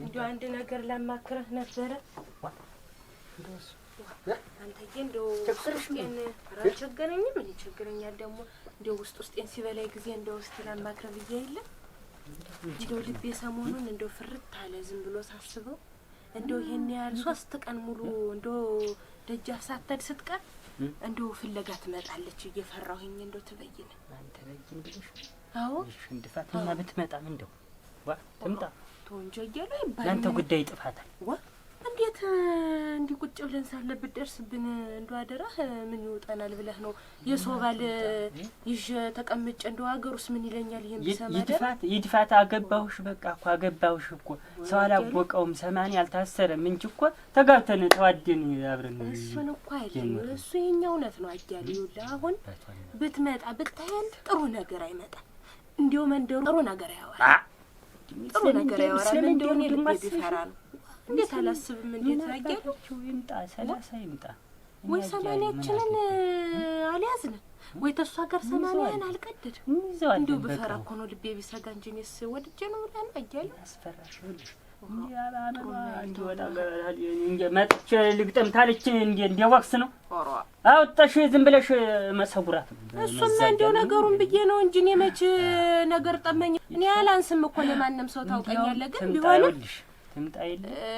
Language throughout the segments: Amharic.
እንደው አንድ ነገር ላማክረህ ነበረ። አንተዬ እንደው ውስጤን አልቸገረኝም። እኔ ቸግረኛል ደግሞ እንደው ውስጥ ውስጤን ሲበላይ ጊዜ እንደው እስኪ ላማክረህ ብዬ የለም እንደው ልቤ ሰሞኑን እንደው ፍርት አለ። ዝም ብሎ ሳስበው እንደው ይሄን ያህል ሶስት ቀን ሙሉ እንደው ደጃፍ ሳተድ ስትቀር እንደው ፍለጋ ትመጣለች እየፈራሁኝ እንደው ትበይነ አንተ በይ ብለሽ አዎ እንድፋትማ ብትመጣም እንደው ዋ ትምጣ ተወንጆ እያሉ ይባል ያንተ ጉዳይ ጥፋታል። እንዴት እንዲህ ቁጭ ብለን ሳለ ብትደርስብን እንደ አደራህ ምን ይወጣናል ብለህ ነው የሰው ባል ይዤ ተቀምጬ እንደ ሀገሩስ ምን ይለኛል? ይሄን ብሰማ ይድፋት ይድፋት። አገባሁሽ በቃ እኮ አገባሁሽ እኮ ሰው አላወቀውም። ሰማን አልታሰረም እንጂ እኮ ተጋብተን ተዋደን አብረን እሱን እኮ አይደለም እሱ የኛ እውነት ነው አያሌ። ይውላ አሁን ብትመጣ ብታያል ጥሩ ነገር አይመጣም። እንዲሁ መንደሩ ጥሩ ነገር ያዋል ጥሩ ነገር ያወራል። እንደሆነ ልቤ ቢፈራ ነው። እንዴት አላስብም? እንዴት ያያለሁ። ይምጣ ሰላሳ ይምጣ ወይ ሰማንያችንን አልያዝንም ወይ ተሷ ጋር ሰማንያን አልቀደድ እንደው ብፈራ እኮ ነው ልቤ ቢሰጋ እንጂ እኔስ ወድጄ ነው ላን አያለሁ መጥቼ ልግጠም ታለች እንደ ዋክስ ነው አወጣሽ። ዝም ብለሽ መሰጉራት ነው። ነገሩን ብዬ ነው እንጂ እኔ ነገር ጠመኝ። እኔ አላንስም እኮ ለማንም ሰው ግን ቢሆንም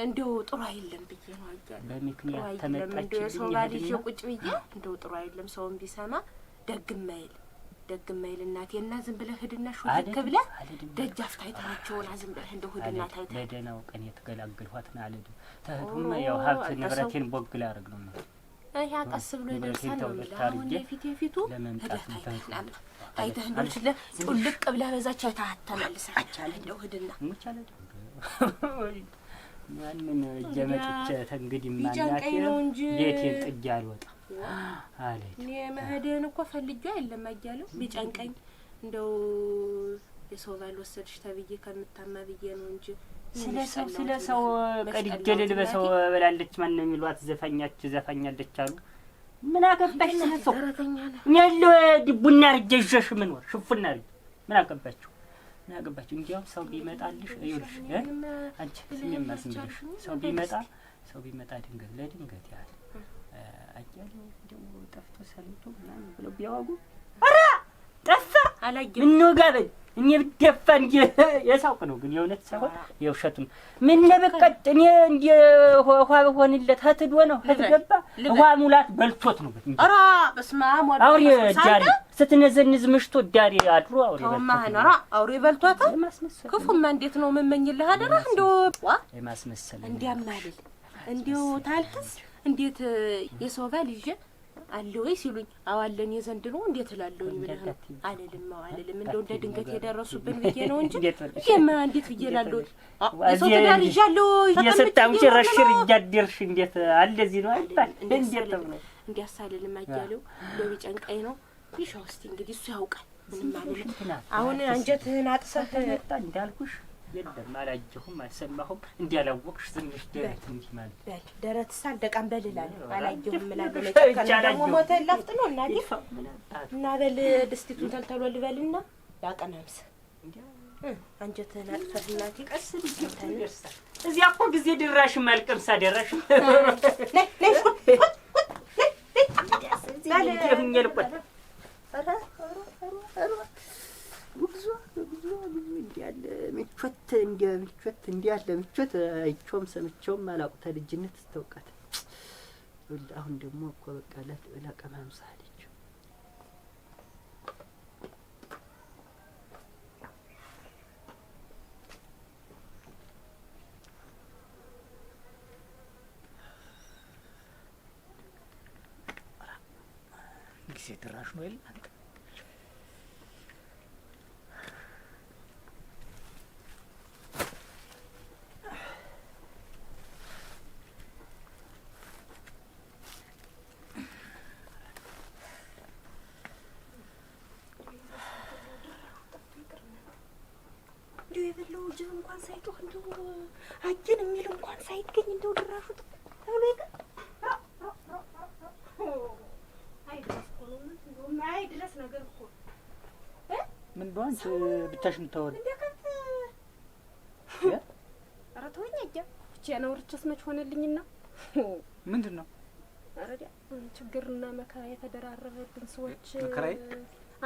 እንደው ጥሩ አይደለም ብዬ ነው። በምክንያት ተመጣች። እንደው ባልሽ ቁጭ ብዬ እንደው ጥሩ አይደለም ቢሰማ ደግም አይል ደግማ ይልናት የና ዝም ብለህ ሂድና ሹክ ብለህ ደጃፍ ታይታቸውና ዝም ብለህ እንደው ሂድና ታይታ ለደህናው ቀን የተገላገልኋት ነው አለዱ ተህቱም ያው ሀብት ንብረቴን ቦግ ላደርግ ነው ነው ይሄ አቀስ ብሎ ይደርሳል ነው የፊት የፊቱ ሂደህ ታይተህናል ታይተህ እንደው ችለ ጩልቅ ብለህ በዛች አይተሃት እንደው ሂድና ያንን እጀመጥቼ ተንግዲህ ማናቴ ቤቴን ጥጃ አልወጣም እኔ መሄድህን እኮ የለም ቢጨንቀኝ እንደው የሰው ባል ወሰድሽ ተብዬ ከምታማ ብዬ ነው እንጂ ስለ ሰው ስለ ሰው ቀድጄ ልል በሰው ማን ነው የሚሏት? ዘፋኛች ዘፋኛለች አሉ። ምን አገባሽ ስለ ሰው ያለ ምን ወር ሽፉና ምን ምን እንዲያውም ሰው ቢመጣልሽ ይኸውልሽ፣ አንቺ ሰው ቢመጣ ሰው ቢመጣ ድንገት ለድንገት ያህል አያሌው እንደው ጠፍቶ ሰልቶ ምናምን ብለው ቢያወጉ ኧረ ጠፋ አላየሁም። ምነው ጋበል እኔ ብደፋ እንጂ የሳውቅ ነው ግን የእውነት ሳይሆን የውሸቱም ምን ብቀጥ እኔ እንደ ውሃ በሆንለት ህትዶ ነው ህት ውሃ ሙላት በልቶት ነው ኧረ በስመ አብ አውሬ ዳሪ ስትነዘንዝ ምሽቶ ዳሪ አድሮ አውሬ በልቶት አውሬ በልቶታል። ክፉማ እንዴት ነው የምመኝልህ አደራ እንደው የማስመሰል እንዲያማልል እንዲው ታልክስ እንዴት የሰው ባል ይዤ አለ ወይ ሲሉኝ፣ አዋለን የዘንድሮ እንዴት እላለሁኝ ብለህ ነው አልልም። አዎ አልልም። እንደው እንደ ድንገት የደረሱብን ብዬ ነው እንጂ ይሄማ እንዴት ብዬ እላለሁ። የሰው ትዳር ይዣለሁ የሰጣም ጭረሽር እያደርሽ እንዴት አለ ነው አይባል እንዴት ነው እንዲያስ አልልም። አያሌው እንደው ቢጨንቀኝ ነው ይሻው። እስቲ እንግዲህ እሱ ያውቃል። ምንም አልልም። አሁን አንጀትህን አጥሰህ እንዳልኩሽ የለም አላየሁም፣ አልሰማሁም። እንዲያላወቅሽ ትንሽ ደረት እንዲህ ማለት በል ደረት ሳልደቃም በልላል አላየሁም እላለሁ። ደግሞ ሞተ ላፍጥ ነው እናቴ እና በል ድስቲቱን ተልተሎ ልበልና ያቀናምስ አንጀትህን አጥፈህ እናቴ። ቀስ ይደርሳል። እዚያ እኮ ጊዜ ድራሽም አልቀምሳ ደራሽ እንዲያለ ምቾት እንዲያ ምቾት እንዲያ ያለ ምቾት አይቼውም ሰምቼውም አላውቅም። ተልጅነት ስተውቀት አሁን ደግሞ እኮ በቃ ለቀማ አምሳ አለች። ጊዜ ድራሽ ነው የለ ጅብ እንኳን ሳይጮህ እንደው አየን የሚል እንኳን ሳይገኝ እንደው ድራሹ ተብሎ ይቀር አይ ድረስ ነገር እኮ ምን በአንቺ ብቻሽ የምታወሪ እንደ ከብት ኧረ ተወኝ። አያ ብቻዬን አውርቼስ መች ሆነልኝና ምንድን ነው ኧረ ችግርና መከራ የተደራረበብን ሰዎች መከራዬ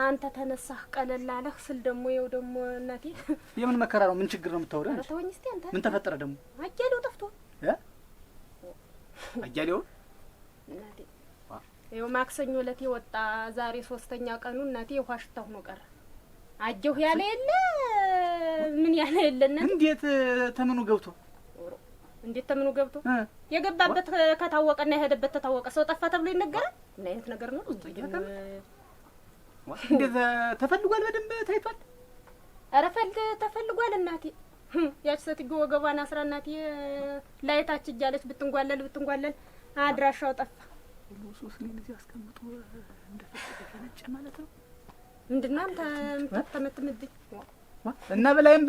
አንተ ተነሳህ ቀለል አለህ ስል ደግሞ ይኸው ደግሞ እናቴ የምን መከራ ነው? ምን ችግር ነው የምታወራ? ተወኝ እስቲ አንተ ምን ተፈጠረ ደግሞ? አያሌው ጠፍቶ አያሌው እናቴ ይኸው ማክሰኞ ዕለት የወጣ ዛሬ ሶስተኛ ቀኑ እናቴ ውሃ ሽታ ነው ቀረ። አየሁ ያለ የለ ምን ያለ የለ እናቴ። እንዴት ተምኑ ገብቶ እንዴት ተምኑ ገብቶ የገባበት ከታወቀና የሄደበት ተታወቀ ሰው ጠፋ ተብሎ ይነገራል? ምን አይነት ነገር ነው? እንደዛ ተፈልጓል፣ በደንብ ታይቷል። ኧረ ፈልግ ተፈልጓል። እናቴ ያች ሴትዮ ወገቧን አስራ እናቴ ላይታች እያለች ብትንጓለል ብትንጓለል አድራሻው ጠፋ። ሶስት ላይ እዚህ አስቀምጦ እንደፈለገ ማለት ነው። ምንድን ነው አንተ የምታተመትምብኝ እና በላይም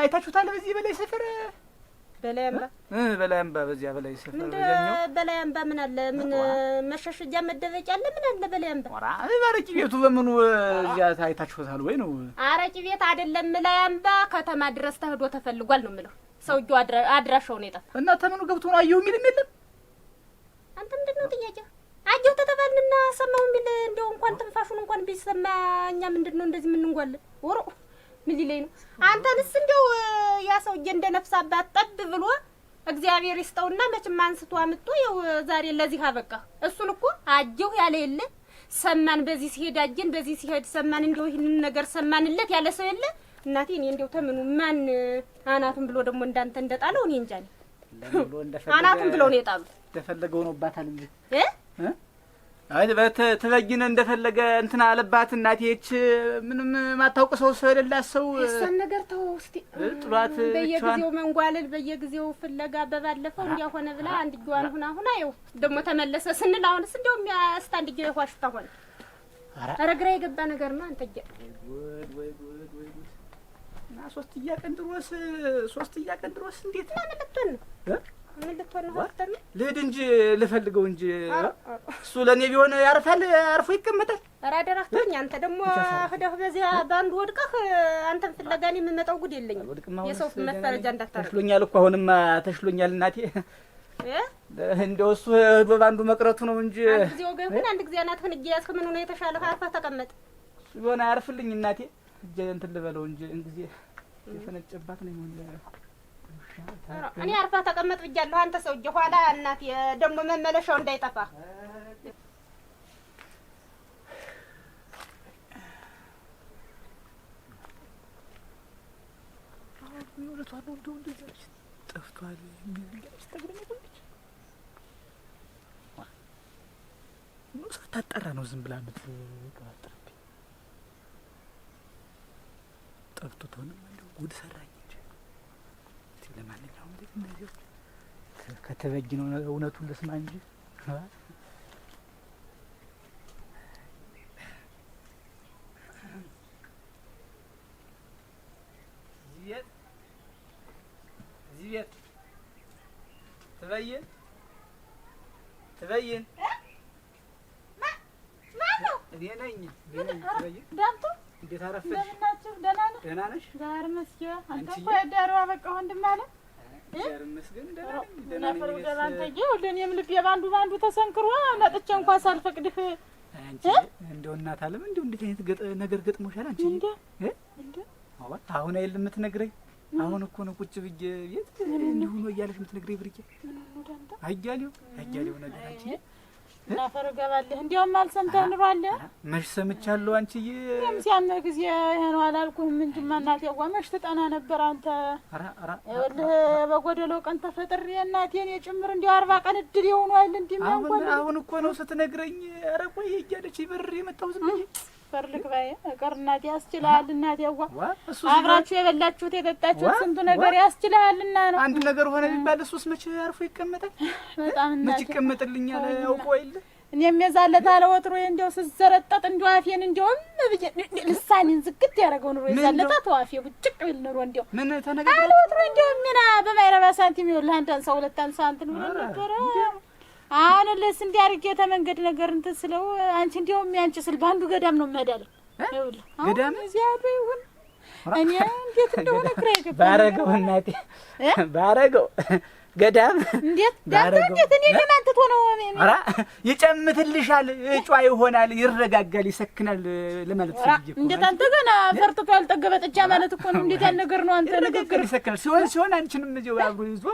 አይታችሁታል። በዚህ በላይ ስፍር በላይ አምባ በላይ አምባ በዚያ በላይ ሰፈር በዚያኛው በላይ አምባ ምን አለ? ምን መሸሸጊያ መደበቂያ አለ? ምን አለ? በላይ አምባ ኧረ አረቂ ቤቱ በምኑ እዚያ አይታችሁታል ወይ ነው? አረቂ ቤት አይደለም ላይ አምባ ከተማ ድረስ ተህዶ ተፈልጓል ነው የምለው። ሰውዬው አድራሻው ነው የጠፋ እና ተምኑ ገብቶ ነው አየሁ የሚል የለም። አንተ ምንድን ነው ጥያቄው? አየሁ ተተባልንና ሰማሁ የሚል እንደው እንኳን ትንፋሹን እንኳን ቢሰማ እኛ ምንድን ነው እንደዚህ የምንንጓለን ወሮ ምን ሊለኝ ነው? አንተንስ እንደው ያ ሰውዬ እንደ ነፍስ አባት ጠብ ብሎ እግዚአብሔር ይስጠውና መቼም አንስቶ አምጦ ይኸው ዛሬ ለዚህ አበቃ። እሱን እኮ አጀው ያለ የለ ሰማን። በዚህ ሲሄድ አጀን፣ በዚህ ሲሄድ ሰማን። እንደው ይህንን ነገር ሰማንለት ያለ ሰው የለ እናቴ። እኔ እንደው ተምኑ ማን አናቱን ብሎ ደግሞ እንዳንተ እንደጣለው እኔ እንጃ። አናቱን ብሎ ነው የጣሉት። እንደፈለገው ባታል እንጂ እ አይ ትበይነ እንደፈለገ እንትና አለባት እናቴ። ይህች ምንም ማታውቅ ሰው ሰው ሰው እሷን ነገር ተው እስቲ ጥሏት በየጊዜው መንጓለል በየጊዜው ፍለጋ በባለፈው እንዲያ ሆነ ብላ አንድ ጊዋን ሁና ሁና ይኸው ደግሞ ተመለሰ ስንል አሁንስ እንዲያውም ያስታ አንድ ጊዋ ይኋሽታ ሆነ። ኧረ ግራ የገባ ነገር ነው። አንተ ጌ እና ሶስት እያቀን ድሮስ ሶስት እያቀን ድሮስ እንዴት ነው ምንትን ነው ልሂድ እንጂ ልፈልገው እንጂ እሱ ለእኔ ቢሆን ያርፋል፣ አርፎ ይቀመጣል። ኧረ አደራህተኝ አንተ ደግሞ ህደህ በዚያ በአንዱ ወድቀህ አንተም ፍለጋ እኔ የምመጣው ጉድ የለኝም። የሰው መፈረጃ እንዳታረግ። ተሽሎኛል እኮ አሁንማ ተሽሎኛል እናቴ። እንደው እሱ ህዶ መቅረቱ ነው እንጂ አንድ ጊዜ ወገን ሁን፣ አንድ ጊዜ አናትህን እጅ ያዝክ። ምን ሆነ የተሻለ አርፈህ ተቀመጥ። እሱ ቢሆን አያርፍልኝ እናቴ። እጄ እንትን ልበለው እንጂ እንጊዜ የፈነጨባት ነው ይሆን እኔ አርፋ ተቀመጥ ብያለሁ። አንተ ሰውዬ ኋላ እናቴ ደግሞ መመለሻው እንዳይጠፋ ጠፍቷል። ሳታጠራ ነው ዝም ብላ ምትጠፍቱት ሆነ ወደ ሰራኝ ለማንኛውም እንደዚህ ከተበጅነው እውነቱን ልስማ እንጂ ወንድም አለ ነፈሩ ደባንተዬ ሁሉንም ልቤ ባንዱ ባንዱ ተሰንክሮ ነጥቼ እንኳን ሳልፈቅድህ እንደው እናት አለም እንደው እንደዚህ አይነት ነገር ገጥሞሻል አንቺ? አሁን አይደል የምትነግረኝ? አሁን እኮ ነው ቁጭ ብዬ ቤት እንዲሁ ነው እያለሽ የምትነግረኝ ብርቄ። አያሌው አያሌው ነገር አንቺ እናፈር እገባለህ። እንዲያውም አልሰምተህ ኑሮ አለ። መች ሰምቻለሁ። አንቺዬ እኔም ሲያምህ ጊዜ ይሄ ነው አላልኩህም እንጂማ እናቴዋ መች ትጠና ነበር አንተ። ይኸውልህ በጎደሎ ቀን ተፈጥሬ እናቴን የጭምር እንዲያው አርባ ቀን እድል የሆኑ እንዲህ የሚያንጓል። አሁን እኮ ነው ስትነግረኝ። ኧረ ቆይ እያለች ብር የመጣው ዝም ብዬ አስፈር ልግባ እቀር እናቴ ያስችልሃል። እናቴ ዋ አብራችሁ የበላችሁት የጠጣችሁት ስንቱ ነገር ያስችልሃልና ነው። አንድ ነገር ሆነ ቢባል እሱስ መቼ አርፎ ይቀመጣል? በጣም መቼ ይቀመጥልኛል? ያውቀ የለ እኔም የዛለት አለ ወትሮ እንዲያው ስዘረጠጥ እንዲያው አፌን እንዲያውም ልሳኔን ዝግት ያደረገው ኑሮ የዛለታ ተዋፌ ቡጭቅ ቢል ኑሮ እንዲያው ምን ተነገር አለ ወትሮ እንዲያው ሚና በማይረባ ሳንቲም ይኸውልህ አንድ አንሳ ሁለት አንሳ እንትን ብሎ ነበረ አሁን ለስ እንዲያርግ የተመንገድ ነገር እንትን ስለው አንቺ እንዲያውም ያንቺ ስል በአንዱ ገዳም ነው መዳል ገዳም እዚያ ይሁን እኔ እንዴት እንደሆነ ግራ ይገባል። ባረገው እናቴ ባረገው ገዳም እንዴት ዳንተ እንዴት እኔ ለማንተቶ ነው ኧረ ይጨምትልሻል፣ እጯ ይሆናል፣ ይረጋጋል፣ ይሰክናል ለማለት ፈልጌ እኮ እንዴት አንተ ገና ፈርጥቶ ያልጠገበ ጥጃ ማለት እኮ ነው። እንዴት ያለ ነገር ነው አንተ ንግግር ይሰክናል ሲሆን ሲሆን አንቺንም እዚያው አብሮ ይዞ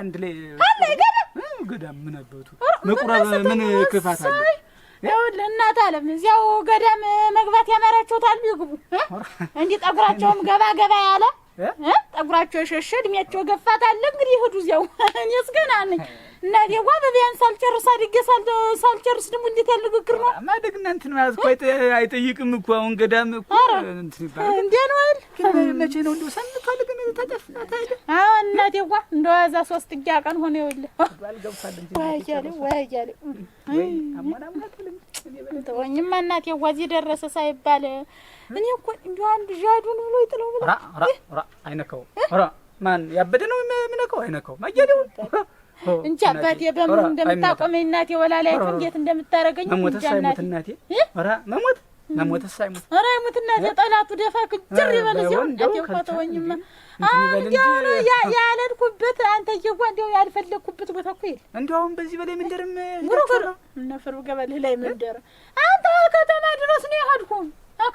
አንድ ላይ አለ ገዳም ገዳም ምን አባቱ መቁረብ ምን ክፋት አለ? ይኸውልህ እናት አለም እዚያው ገዳም መግባት ያመራቸው ታሉ ይግቡ። እንዲህ ጠጉራቸውም ገባ ገባ ያለ ጠጉራቸው የሸሸ እድሜያቸው ገፋት አለ። እንግዲህ ይሄዱ እዚያው እኔስ ገና ነኝ። እናቴዋ በቢያን ሳልጨርስ አድጌ ሳልጨርስ ደግሞ እንዴት ያለ ግግር ነው? ማደግና እንትን ማለት እኮ አይጠይቅም እኮ አሁን ገዳም እኮ እንትን ይባላል። እንዴ ነው አይደል? መቼ ነው እንደው ሰምቷል። ግን ተጠፍታ አይደል አዎ፣ ዋ እንደው ያዛ ሶስት እጃ ቀን ሆነ ወይ ይውል ወይ ወያያሌ ተወኝማ ዋ እዚህ ደረሰ ሳይባል እኔ እኮ እንደው አንድ ዣዱን ብሎ ይጥለው ብሎ ራ ራ አይነከው ራ ማን ያበደ ነው የሚነካው አይነካው ማያሌው እንጂ አባቴ በምኑ እንደምታቆመኝ እናቴ ወላላይ አይቱን እንዴት እንደምታረገኝ መሞትስ አይሞት እናቴ ኧረ መሞት መሞትስ አይሞት ኧረ አይሞት እናቴ ጠላቱ ደፋ ክጅር ይበል እዚሁ እናቴ እኮ ተወኝማ እንዲያው ያለድኩበት አንተዬዋ እንዲያው ያልፈለግኩበት ቦታ እኮ የለ እንዲያውም በዚህ በላይ መንደርም ጉርጉር እነ ፍርቡ ገበልህ ላይ መንደር አንተ ከተማ ድረስ ነው የሄድኩ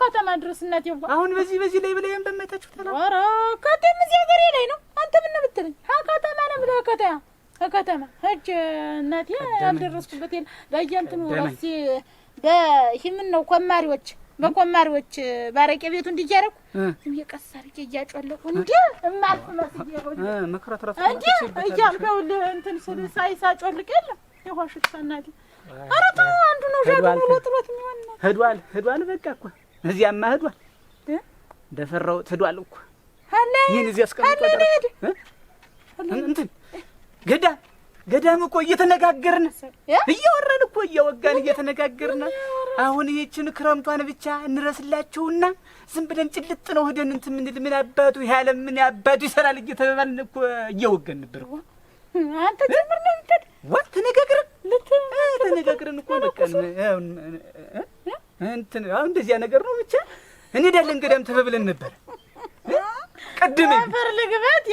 ከተማ ድረስ እናቴዋ አሁን በዚህ በዚህ ላይ በላይም በመታችሁ ተላ ኧረ ከት ከተማ ሂጅ እናቴ ያልደረስኩበት የለ በየእንትኑ እራሴ በይህምን ነው ኮማሪዎች በኮማሪዎች ባረቄ ቤቱ እንዲያረኩ እየቀስ አድርጌ እያጮለቁ እንዲ እማልኩ መስዬ መክራት ራሱ እንዲ እያልኩ እንትን ስል ሳይ ሳጮልቅ የለም የውሃ እናቴ ኧረ አንዱ ነው ዣዱ ሙሉ ጥሎት የሚሆን ሂዷል ሂዷል በቃ እኮ እዚያማ ሂዷል እንደፈራሁት ሂዷል እኮ ይህን እዚህ አስቀምጧል እንትን ገዳም ገዳም እኮ እየተነጋገርን እያወራን እኮ እያወጋን እየተነጋገርን አሁን ይህችን ክረምቷን ብቻ እንረስላችሁና ዝም ብለን ጭልጥ ነው ህደን እንትን ምንል ምን አባቱ ያለ ምን አባቱ ይሰራል እየተባልን እኮ እያወገን ነበር አንተ ጀምር ነው የምትል ዋ ተነጋግረን ተነጋግረን እኮ በቃ እንትን አሁን እንደዚያ ነገር ነው ብቻ እንሄዳለን ገዳም ተበብለን ነበር። ቀድም አፈር ልግበት።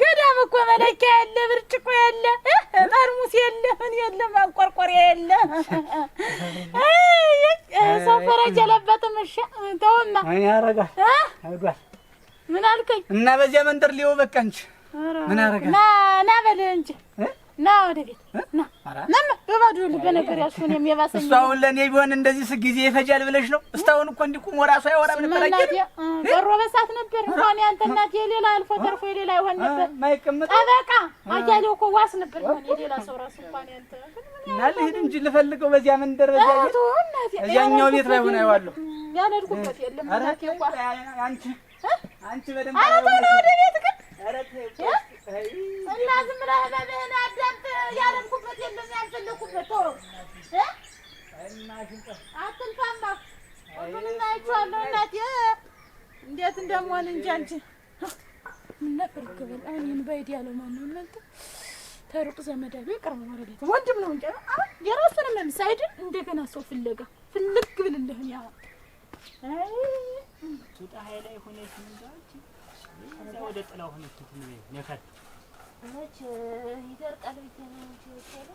ገዳም እኮ መለኪያ የለ፣ ብርጭቆ የለ፣ ጠርሙስ የለ፣ ምን የለ፣ ማንቆርቆሪያ የለ። ሰው ፈረጅ የለበትም። እሺ ተውማ አይ ያረጋል አይዷል። ምን አልከኝ? እና በዚያ መንደር ሊሆን በቃ እንጂ ምን አረጋ ና በልህ እንጂ ና ወደ ቤት ና በባዶ ልበ ነገር ያልሽውን የሚያባሰኝ እሱ አሁን ለእኔ ቢሆን እንደዚህ ጊዜ ይፈጃል ብለሽ ነው? እስካሁን እኮ እንዲህ ቁሞ ራሱ አያወራም ነበር። በሮ በሳት ነበር ሆን ያንተ እናት የሌላ አልፎ ተርፎ የሌላ ይሆን ነበር። ጠበቃ አያሌው እኮ ዋስ ነበር ሆን የሌላ ሰው ራሱ እንኳን ያንተ እና ልሂድ እንጂ ልፈልገው በዚያ መንደር በዚያ እዚያኛው ቤት ላይ ሆነ አይዋለሁ ያለድኩበት የለም አንቺ አንቺ በደንብ አረ ተው ነው ወደ ቤት ግን እና ዝም ብለህ ህመምህን አዳምጥ። ያለምኩበት የለም ያልፈለኩበት ቶሎ ሁሉንም አይቼዋለሁ እናቴ እንዴት እንደምሆን እንጂ አንቺ ምን ነበር ይገበል አሁን በሄድ ያለው ማነው እናንተ ተሩቅ ዘመድ አሉ የቀረበ ወረቤት ወንድም ነው እንጂ የራሱን መምስ አይድን እንደገና ሰው ፍለጋ ፍልግ ብልልህን ያዋል ቱጣ ሀይላ የሆነ ስምንዛዎች ወደ ጥላሁን ነካል መች ይደርቃል ብዬሽ ነው እንጂ ወሰደ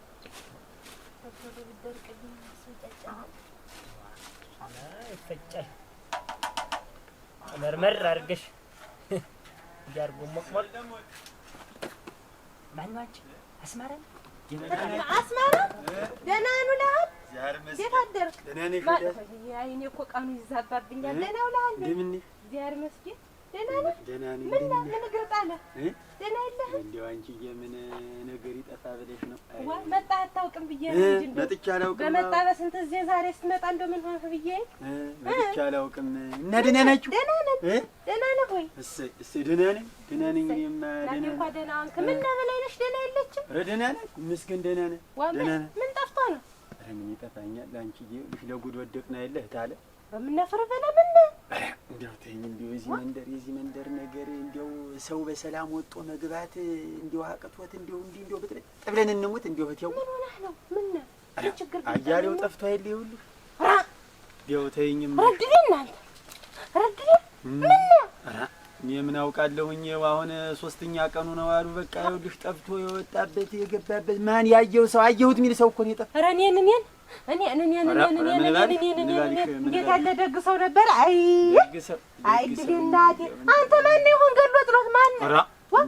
ተቶሎ ቢደርቅልኝ እሱ ይፈጫል። መርመር አድርገሽ እያርጎ ሞቅሞቅ ማነው አንቺ? አስማራ ነው ደህና ነው እንዴት አደርክ? እኔ እኮ ቀኑ ይዛባብኛል። ደህና ነው እግዚአብሔር ይመስገን ደህና ነኝ። ምን ምን እግር ጣለህ? ደህና የለህም? እንደው አንቺዬ ምን ነገር ይጠፋ ብለሽ ነው? ዋ መጣህ አታውቅም ብዬ ነው እንጂ መጥቼ አላውቅም። በመጣህ በስንት እዚህ ዛሬ ስትመጣ እንደው ምን ሆንህ ብዬ መጥቼ አላውቅም። እና ደህና ናችሁ? ደህና ነን። ደህና ነህ ወይ? እሰይ እሰይ፣ ደህና ነኝ፣ ደህና ነኝ። እኔማ ደህና ነኝ። ደህና ዋንክ ምን በላይ ነሽ? ደህና የለችም? ኧረ ደህና ነን፣ ይመስገን ደህና ነን። ዋ ምን ጠፍቶ ነው? ኧረ ምን ይጠፋኛል አንቺዬ። ልሽ ለጉድ ወደቅና የለህ ታለ በምናፈር በላ እንዲያው ተይኝ፣ እንዲያው የዚህ መንደር የዚህ መንደር ነገር እንዲያው ሰው በሰላም ወጦ መግባት እንዲያው አቅቶት እንዲያው እንዲህ እንዲያው ብጥብጥ ብለን እንሙት እንዲያው ብትያው ምን ሆነህ ነው? ምን ችግር? አያሌው ጠፍቶ አይደል ይኸውልህ። ራ እንዲያው ተይኝም ረድልኝ፣ እናንተ ረድልኝ። ምን ነው እኔ ምን አውቃለሁኝ። አሁን ሶስተኛ ቀኑ ነው አሉ። በቃ ይኸውልሽ ጠፍቶ የወጣበት የገባበት ማን ያየው ሰው አየሁት የሚል ሰው እኮ ነው የጠፋው። ኧረ እኔን እኔን እኔን እኔን እንዴት ያለ ደግ ሰው ነበር! አይ አይ ድል አንተ ማን ይሆን ገሎ ጥሎት ማን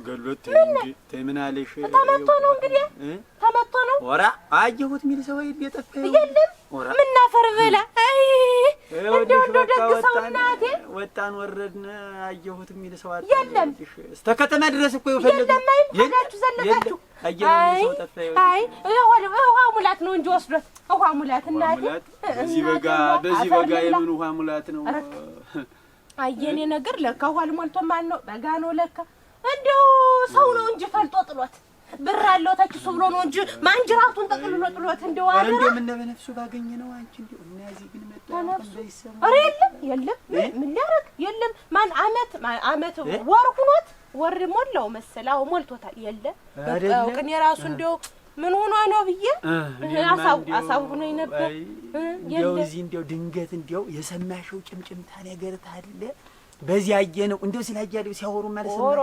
ገሎት እንጂ ምን አለሽ? ተመቶ ነው እንግዲህ ተመቶ ነው። ወራ አየሁት የሚል ሰው የለም። ምናፈር ብላ አይ እንደው እንደው ደግ ሰው እናቴ ወጣን ወረድን አየሁት የሚል ሰው አጣ። የለም እስከ ከተማ ድረስ እኮ የለም ዘለፋችሁ። አይ ውሃ ሙላት ነው እንጂ ወስዶት ውሃ ሙላት እናቴ። በዚህ በጋ በዚህ በጋ የምን ውሃ ሙላት ነው? አየኔ ነገር ለካ ውሃ ልሞልቶ ማን ነው በጋ ነው ለካ። እንደው ሰው ነው እንጂ ፈልጦ ጥሎት ብር አለው ተችሱ ብሎ ነው እንጂ ማንጅራቱን ጠቅልሎ ጥሎት እንደው አረ እንደ ምን በነፍሱ ባገኘ ነው። አንቺ እንደው እናዚህ ግን መጣ ኧረ የለም የለም፣ ምን ሊያረግ የለም። ማን አመት አመት ወር ሁኖት ወር ሞላው መሰላው አዎ ሞልቶታል። የለም ግን የራሱ እንደው ምን ሆኖ ነው ብዬ አሳው አሳብ ሆኖኝ ነበር። እንደው እዚህ እንደው ድንገት እንደው የሰማሽው ጭምጭምታ ነገር ታለ በዚህ አየ ነው እንደው ሲላያ ነው ሲያወሩ ማለት ነው። ኦሮ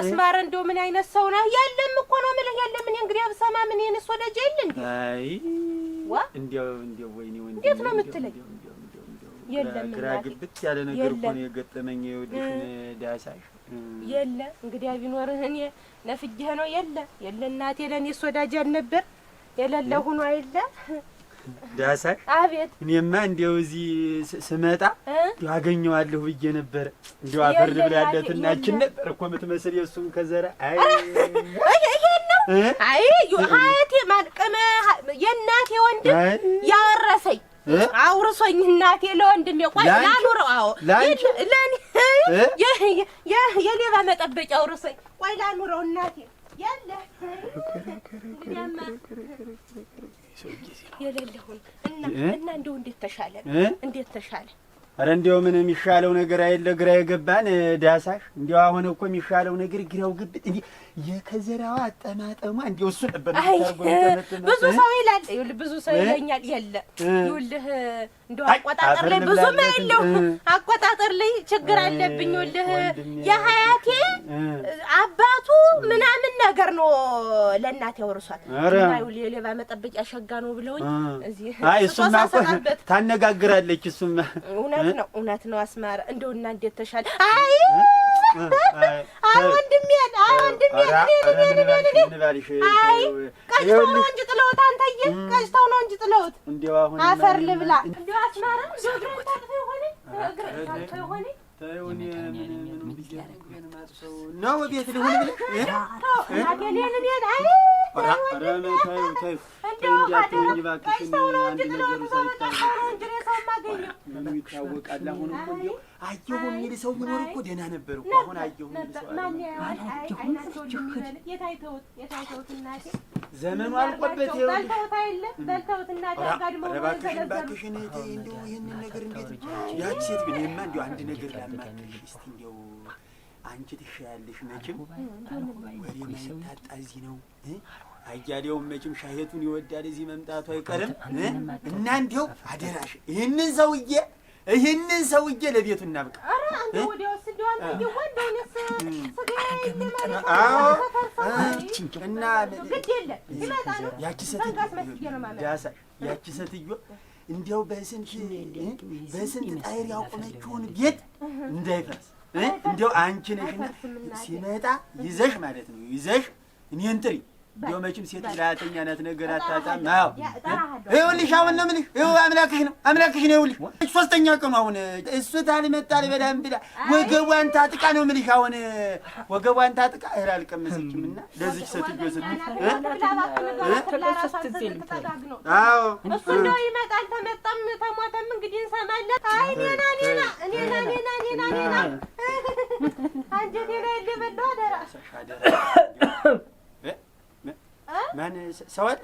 አስማረ እንደው ምን አይነት ሰው ነህ? ያለም እኮ ነው የምልህ ያለም። እኔ እንግዲህ አብሰማ ምን ይነስ ወደጀ ይል እንዴ? አይ ዋ እንደው እንደው ወይኔ ወንድ እንዴት ነው የምትለኝ? የለም ግራ ግብት ያለ ነገር እኮ ነው የገጠመኝ። የወደሽን ዳሳሽ የለ እንግዲህ ቢኖርህ እኔ ነፍጄህ ነው የለ የለ እናቴ ለኔ እሱ ወዳጅ አልነበር የለለ ሁኖ አይደለ ዳሳይ አቤት። እኔማ እንዲያው እዚህ ስመጣ እንዲያው አገኘዋለሁ ብዬ ነበረ። እንዲያው አፈር ብላ ያለት እናችን ነበር እኮ የምትመስል የእሱን ከዘረ አይ አይ አያቴ ማልቀመ የእናቴ ወንድም ያወረሰኝ አውርሶኝ እናቴ ለወንድሜ ቆይ ላኑረው። አዎ የሌባ መጠበቂያ አውርሶኝ ቆይ ላኑረው እናቴ ያለ ጊዜ ነው የሌለሁን እና እና እንደው እንዴት ተሻለ እንዴት ተሻለ? አረ እንዲያው ምን የሚሻለው ነገር አይደለ ግራ የገባን ዳሳሽ። እንዲያው አሁን እኮ የሚሻለው ነገር ግራው ግብጥ የከዘራዋ አጠማጠሟ እንዲሁ እሱ ነበር። ብዙ ሰው ይላል፣ ብዙ ሰው ይለኛል። የለ ይኸውልህ፣ እንደው አቆጣጠር ላይ ብዙም የለውም። አቆጣጠር ላይ ችግር አለብኝ። ይኸውልህ የሀያቴ አባቱ ምናምን ነገር ነው ለእናቴ አውርሷል። የሌባ መጠበቂያ ሸጋ ነው ብለውኝ እዚህ እሱማ እኮ ታነጋግራለች። እሱማ እውነት ነው፣ እውነት ነው። አስማረ እንደው እና እንዴት ተሻለ አይ አይ ወንድሜ፣ አይ ወንድሜ፣ አይ ነው እንጂ ጥለውት፣ አንተዬ ቀጭተው ነው እንጂ ጥለውት። አፈር ልብላ እንዲሁ አስማራ ሆነ ነው ቤት ሊሆን ይታወቃል። አየሁ የሚል ሰው ቢኖር እኮ ደህና ነበር እኮ። አሁን አየሁ ዘመኑ አልቆበት እባክሽን እንዲያው ይህንን ነገር እንዴት ያች ሴት ግን የማ እንዲያው አንድ ነገር ላማክርሽ እስኪ እንዲያው አንቺ ትሻያለሽ መቼም ወሬ ማይታጣ እዚህ ነው። አያሌውም መቼም ሻሄቱን ይወዳል እዚህ መምጣቱ አይቀርም እና እንዲያው አደራሽ ይህንን ሰውዬ ይህንን ሰውዬ ለቤቱ እናብቃ። እና ያቺ ያቺ ሴትዮ እንዲያው በስንት በስንት ጣይር ያቆመችውን ቤት እንዳይፈርስ እንዲያው አንቺ ነሽ ሲመጣ ይዘሽ ማለት ነው ይዘሽ እኔን ጥሪ እንደው መቼም ሴት ብልሃተኛ ናት፣ ነገር አታጣም። አዎ ይኸውልሽ፣ አሁን ነው የምልሽ። ይኸው አምላክሽ ነው አምላክሽ ነው። ይኸውልሽ ሶስተኛ ቀኑ አሁን እሱ ታልመጣል በዳም ብላ ወገቧን ታጥቃ ነው የምልሽ። አሁን ወገቧን ታጥቃ እህል አልቀመሰችም እና ለዚች ሴትዮ ስትል አዎ እሱ እንደው ይመጣል ተመጣም ተሟተም እንግዲህ እንሰማለን። አይ ኔና ኔና ኔና ኔና ኔና ኔና አንጀቴ ላይ ልበለው አደራ ማን ሰው አለ?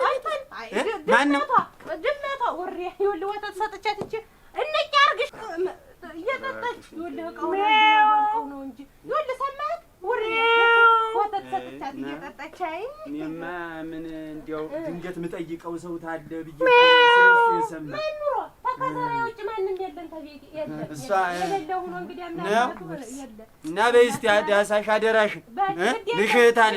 ማን ነው ድመቷ? ወሬ ይኸውልህ፣ ወተት ሰጥቻት እንጂ እንቅ አድርግሽ እየጠጣች ይኸውልህ፣ እቃው ነው እንጂ ይኸውልህ፣ ሰማያት ምን እንዲያው ድንገት የምጠይቀው ሰው ታለ ብዬሽ እና በይ እስኪ አደራሽን ልሽህት አለ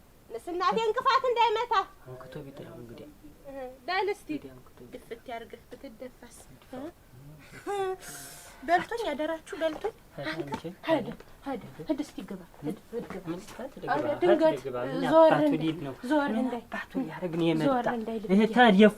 ንስናቴ እንቅፋት እንዳይመታ አንክቶ ቢጥለው እንግዲህ በል እስቲ ድፍት ያርግህ ብትደፋስ በልቶኝ ያደራችሁ በልቶኝ ሄደ ሄደ ሄደ እስቲ ግባ ድንገት ዞር እንዳይ ዞር እንዳይ ልብ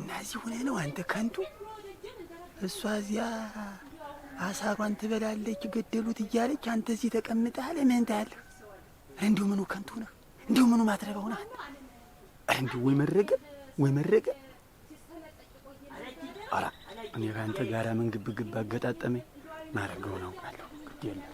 እናዚህ ሁነ ነው አንተ ከንቱ። እሷ እዚያ አሳሯን ትበላለች ገደሉት እያለች አንተ እዚህ ተቀምጠሃል። ምን ታያለህ? እንዲሁ ምኑ ከንቱ ነህ፣ እንዲሁ ምኑ ማትረባው ነህ አንተ። እንዲሁ ወይ መረገ ወይ መረገ። አራ እኔ ከአንተ ጋራ ምን ግብግብ አገጣጠመኝ። ማረገውን አውቃለሁ ግድ የለም